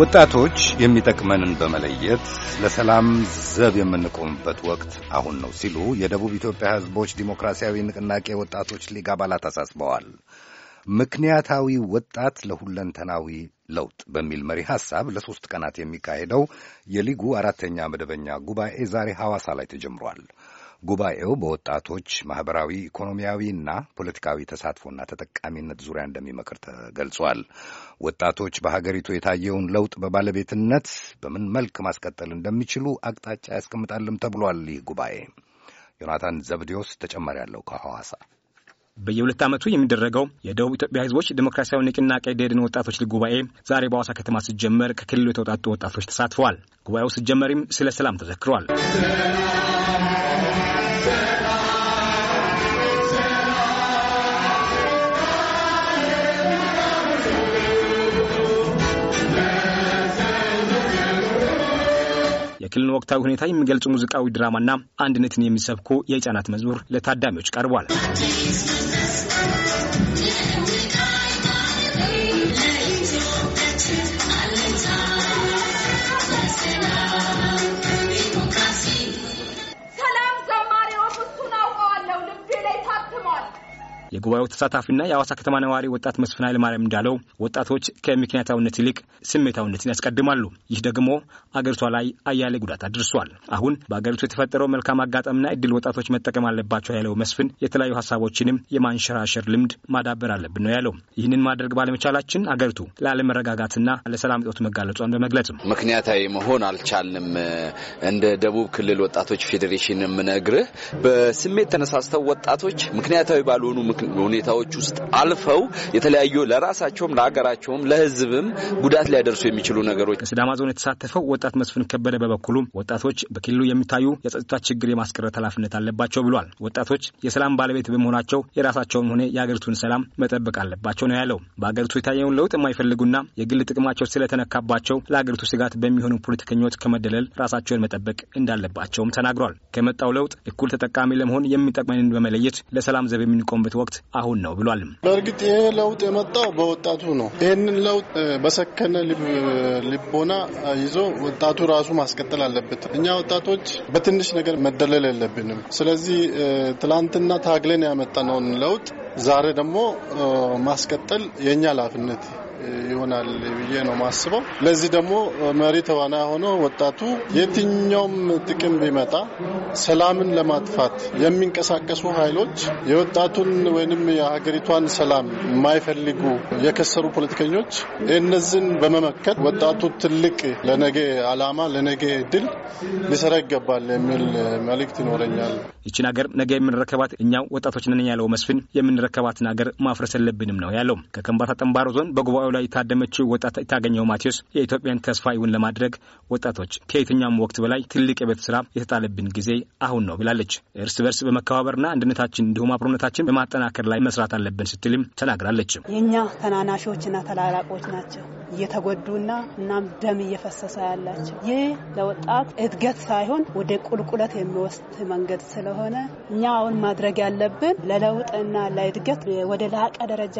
ወጣቶች የሚጠቅመንን በመለየት ለሰላም ዘብ የምንቆምበት ወቅት አሁን ነው ሲሉ የደቡብ ኢትዮጵያ ሕዝቦች ዲሞክራሲያዊ ንቅናቄ ወጣቶች ሊግ አባላት አሳስበዋል። ምክንያታዊ ወጣት ለሁለንተናዊ ለውጥ በሚል መሪ ሐሳብ ለሦስት ቀናት የሚካሄደው የሊጉ አራተኛ መደበኛ ጉባኤ ዛሬ ሐዋሳ ላይ ተጀምሯል። ጉባኤው በወጣቶች ማህበራዊ፣ ኢኮኖሚያዊና ፖለቲካዊ ተሳትፎና ተጠቃሚነት ዙሪያ እንደሚመክር ተገልጿል። ወጣቶች በሀገሪቱ የታየውን ለውጥ በባለቤትነት በምን መልክ ማስቀጠል እንደሚችሉ አቅጣጫ ያስቀምጣልም ተብሏል። ይህ ጉባኤ ዮናታን ዘብዲዮስ ተጨማሪ ያለው ከሐዋሳ በየሁለት ዓመቱ የሚደረገው የደቡብ ኢትዮጵያ ሕዝቦች ዴሞክራሲያዊ ንቅናቄ ደኢህዴን ወጣቶች ጉባኤ ዛሬ በአዋሳ ከተማ ሲጀመር ከክልሉ የተውጣጡ ወጣቶች ተሳትፈዋል። ጉባኤው ሲጀመርም ስለ ሰላም ተዘክሯል። የክልሉን ወቅታዊ ሁኔታ የሚገልጹ ሙዚቃዊ ድራማና አንድነትን የሚሰብኩ የህጻናት መዝሙር ለታዳሚዎች ቀርቧል። የጉባኤው ተሳታፊና የአዋሳ ከተማ ነዋሪ ወጣት መስፍን ኃይለማርያም እንዳለው ወጣቶች ከምክንያታዊነት ይልቅ ስሜታዊነትን ያስቀድማሉ። ይህ ደግሞ አገሪቷ ላይ አያሌ ጉዳት አድርሷል። አሁን በአገሪቱ የተፈጠረው መልካም አጋጣሚና እድል ወጣቶች መጠቀም አለባቸው ያለው መስፍን የተለያዩ ሀሳቦችንም የማንሸራሸር ልምድ ማዳበር አለብን ነው ያለው። ይህንን ማድረግ ባለመቻላችን አገሪቱ ላለመረጋጋትና ለሰላም እጦት መጋለጿን በመግለጽ ምክንያታዊ መሆን አልቻልንም። እንደ ደቡብ ክልል ወጣቶች ፌዴሬሽን የምነግርህ በስሜት ተነሳስተው ወጣቶች ምክንያታዊ ባልሆኑ ሁኔታዎች ውስጥ አልፈው የተለያዩ ለራሳቸውም ለሀገራቸውም ለህዝብም ጉዳት ሊያደርሱ የሚችሉ ነገሮች ከሲዳማ ዞን የተሳተፈው ወጣት መስፍን ከበደ በበኩሉ ወጣቶች በክልሉ የሚታዩ የጸጥታ ችግር የማስቀረት ኃላፊነት አለባቸው ብሏል። ወጣቶች የሰላም ባለቤት በመሆናቸው የራሳቸውም ሆነ የሀገሪቱን ሰላም መጠበቅ አለባቸው ነው ያለው። በሀገሪቱ የታየውን ለውጥ የማይፈልጉና የግል ጥቅማቸው ስለተነካባቸው ለሀገሪቱ ስጋት በሚሆኑ ፖለቲከኞች ከመደለል ራሳቸውን መጠበቅ እንዳለባቸውም ተናግሯል። ከመጣው ለውጥ እኩል ተጠቃሚ ለመሆን የሚጠቅመንን በመለየት ለሰላም ዘብ የምንቆምበት ወቅት ወቅት አሁን ነው ብሏል። በእርግጥ ይሄ ለውጥ የመጣው በወጣቱ ነው። ይህንን ለውጥ በሰከነ ልቦና ይዞ ወጣቱ ራሱ ማስቀጠል አለበት። እኛ ወጣቶች በትንሽ ነገር መደለል የለብንም። ስለዚህ ትላንትና ታግለን ያመጣነውን ለውጥ ዛሬ ደግሞ ማስቀጠል የእኛ ኃላፊነት ይሆናል ብዬ ነው ማስበው። ለዚህ ደግሞ መሪ ተዋናይ ሆኖ ወጣቱ የትኛውም ጥቅም ቢመጣ ሰላምን ለማጥፋት የሚንቀሳቀሱ ኃይሎች የወጣቱን ወይንም የሀገሪቷን ሰላም የማይፈልጉ የከሰሩ ፖለቲከኞች እነዚህን በመመከት ወጣቱ ትልቅ ለነገ አላማ ለነገ ድል ሊሰራ ይገባል የሚል መልእክት ይኖረኛል። ይችን ሀገር ነገ የምንረከባት እኛው ወጣቶች ነን ያለው መስፍን የምንረከባትን ሀገር ማፍረስ የለብንም ነው ያለው። ከከምባታ ጠንባሮ ዞን በጉባኤ በስራው ላይ የታደመችው ወጣት የታገኘው ማቴዎስ የኢትዮጵያን ተስፋ እውን ለማድረግ ወጣቶች ከየትኛውም ወቅት በላይ ትልቅ የቤት ስራ የተጣለብን ጊዜ አሁን ነው ብላለች። እርስ በርስ በመከባበርና አንድነታችን እንዲሁም አብሮነታችን በማጠናከር ላይ መስራት አለብን ስትልም ተናግራለች። የእኛ ተናናሾችና ተላላቆች ናቸው እየተጎዱና እናም ደም እየፈሰሰ ያላቸው ይህ ለወጣት እድገት ሳይሆን ወደ ቁልቁለት የሚወስድ መንገድ ስለሆነ እኛ አሁን ማድረግ ያለብን ለለውጥና ለእድገት ወደ ላቀ ደረጃ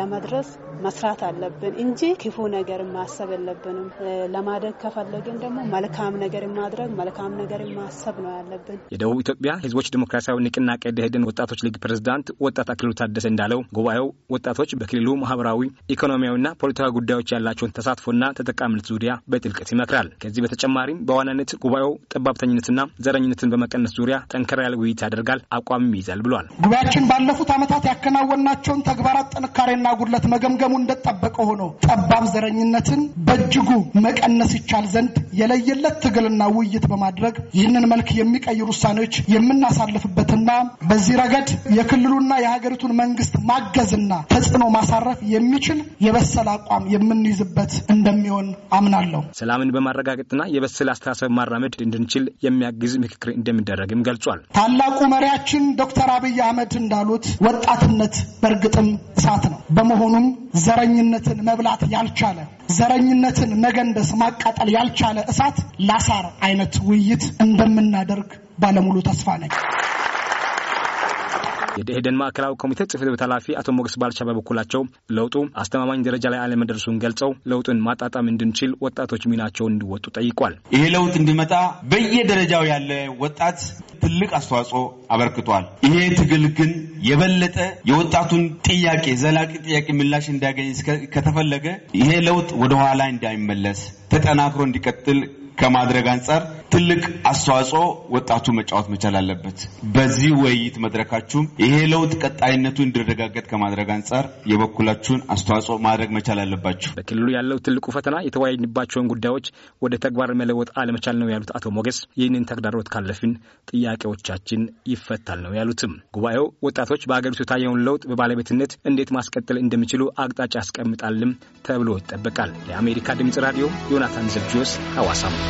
ለመድረስ መስራት አለብን እንጂ ክፉ ነገር ማሰብ የለብንም። ለማደግ ከፈለግን ደግሞ መልካም ነገር ማድረግ መልካም ነገር ማሰብ ነው ያለብን። የደቡብ ኢትዮጵያ ህዝቦች ዲሞክራሲያዊ ንቅናቄ ደኢህዴን ወጣቶች ሊግ ፕሬዝዳንት ወጣት አክሊሉ ታደሰ እንዳለው ጉባኤው ወጣቶች በክልሉ ማህበራዊ፣ ኢኮኖሚያዊና ፖለቲካዊ ጉዳዮች ያላቸውን ተሳትፎና ተጠቃሚነት ዙሪያ በጥልቀት ይመክራል። ከዚህ በተጨማሪም በዋናነት ጉባኤው ጠባብተኝነትና ዘረኝነትን በመቀነስ ዙሪያ ጠንከራ ያለ ውይይት ያደርጋል፣ አቋምም ይይዛል ብሏል። ጉባኤያችን ባለፉት ዓመታት ያከናወናቸውን ተግባራት ጥንካሬና ጉድለት መገምገም ዓለሙ እንደጠበቀ ሆኖ ጠባብ ዘረኝነትን በእጅጉ መቀነስ ይቻል ዘንድ የለየለት ትግልና ውይይት በማድረግ ይህንን መልክ የሚቀይሩ ውሳኔዎች የምናሳልፍበትና በዚህ ረገድ የክልሉና የሀገሪቱን መንግስት ማገዝና ተጽዕኖ ማሳረፍ የሚችል የበሰለ አቋም የምንይዝበት እንደሚሆን አምናለሁ። ሰላምን በማረጋገጥና የበሰለ አስተሳሰብ ማራመድ እንድንችል የሚያግዝ ምክክር እንደሚደረግም ገልጿል። ታላቁ መሪያችን ዶክተር አብይ አህመድ እንዳሉት ወጣትነት በእርግጥም እሳት ነው። በመሆኑም ዘረኝነትን መብላት ያልቻለ ዘረኝነትን መገንደስ ማቃጠል ያልቻለ እሳት ላሳር አይነት ውይይት እንደምናደርግ ባለሙሉ ተስፋ ነኝ። የደኢህዴን ማዕከላዊ ኮሚቴ ጽሕፈት ቤት ኃላፊ አቶ ሞገስ ባልቻ በበኩላቸው ለውጡ አስተማማኝ ደረጃ ላይ አለመደረሱን ገልጸው ለውጡን ማጣጣም እንድንችል ወጣቶች ሚናቸውን እንዲወጡ ጠይቋል። ይሄ ለውጥ እንዲመጣ በየደረጃው ያለ ወጣት ትልቅ አስተዋጽኦ አበርክቷል። ይሄ ትግል ግን የበለጠ የወጣቱን ጥያቄ ዘላቂ ጥያቄ ምላሽ እንዲያገኝ ከተፈለገ ይሄ ለውጥ ወደኋላ እንዳይመለስ ተጠናክሮ እንዲቀጥል ከማድረግ አንጻር ትልቅ አስተዋጽኦ ወጣቱ መጫወት መቻል አለበት። በዚህ ውይይት መድረካችሁም ይሄ ለውጥ ቀጣይነቱ እንዲረጋገጥ ከማድረግ አንጻር የበኩላችሁን አስተዋጽኦ ማድረግ መቻል አለባችሁ። በክልሉ ያለው ትልቁ ፈተና የተወያይንባቸውን ጉዳዮች ወደ ተግባር መለወጥ አለመቻል ነው ያሉት አቶ ሞገስ ይህንን ተግዳሮት ካለፍን ጥያቄዎቻችን ይፈታል ነው ያሉትም። ጉባኤው ወጣቶች በሀገሪቱ የታየውን ለውጥ በባለቤትነት እንዴት ማስቀጠል እንደሚችሉ አቅጣጫ ያስቀምጣልም ተብሎ ይጠበቃል። የአሜሪካ ድምጽ ራዲዮ ዮናታን ዘብጂዮስ ሐዋሳም